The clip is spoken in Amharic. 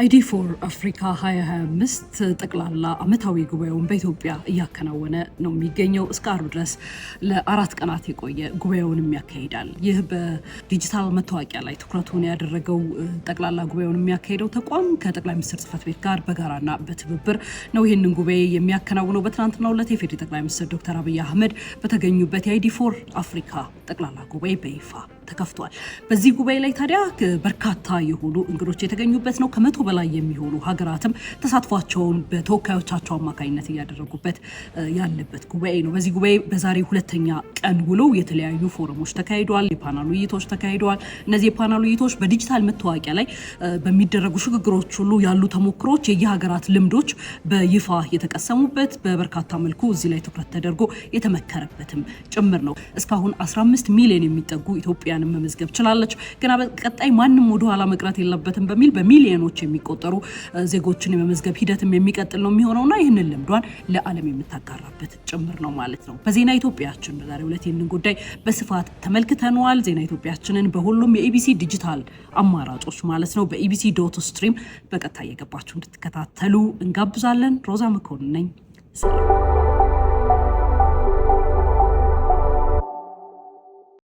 አይዲ ፎር አፍሪካ 2025 ጠቅላላ አመታዊ ጉባኤውን በኢትዮጵያ እያከናወነ ነው የሚገኘው። እስከ አርብ ድረስ ለአራት ቀናት የቆየ ጉባኤውንም ያካሂዳል። ይህ በዲጂታል መታወቂያ ላይ ትኩረቱን ያደረገው ጠቅላላ ጉባኤውን የሚያካሂደው ተቋም ከጠቅላይ ሚኒስትር ጽፈት ቤት ጋር በጋራና በትብብር ነው ይህንን ጉባኤ የሚያከናውነው። በትናንትናው ዕለት የፌዴራል ጠቅላይ ሚኒስትር ዶክተር አብይ አህመድ በተገኙበት የአይዲ ፎር አፍሪካ ጠቅላላ ጉባኤ በይፋ ተከፍቷል። በዚህ ጉባኤ ላይ ታዲያ በርካታ የሆኑ እንግዶች የተገኙበት ነው። ከመቶ በላይ የሚሆኑ ሀገራትም ተሳትፏቸውን በተወካዮቻቸው አማካኝነት እያደረጉበት ያለበት ጉባኤ ነው። በዚህ ጉባኤ በዛሬ ሁለተኛ ቀን ውሎ የተለያዩ ፎረሞች ተካሂደዋል። የፓናል ውይይቶች ተካሂደዋል። እነዚህ የፓናል ውይይቶች በዲጂታል መታወቂያ ላይ በሚደረጉ ሽግግሮች ሁሉ ያሉ ተሞክሮች፣ የየሀገራት ልምዶች በይፋ የተቀሰሙበት በበርካታ መልኩ እዚህ ላይ ትኩረት ተደርጎ የተመከረበትም ጭምር ነው። እስካሁን 15 ሚሊዮን የሚጠጉ ኢትዮጵያ ኢትዮጵያውያንን መመዝገብ ችላለች። ገና በቀጣይ ማንም ወደኋላ መቅረት የለበትም በሚል በሚሊዮኖች የሚቆጠሩ ዜጎችን የመመዝገብ ሂደትም የሚቀጥል ነው የሚሆነውና ይህንን ልምዷን ለዓለም የምታጋራበት ጭምር ነው ማለት ነው። በዜና ኢትዮጵያችን በዛሬው ዕለት ይህንን ጉዳይ በስፋት ተመልክተነዋል። ዜና ኢትዮጵያችንን በሁሉም የኢቢሲ ዲጂታል አማራጮች ማለት ነው በኢቢሲ ዶት ስትሪም በቀጥታ እየገባችሁ እንድትከታተሉ እንጋብዛለን። ሮዛ መኮንን ነኝ። ሰላም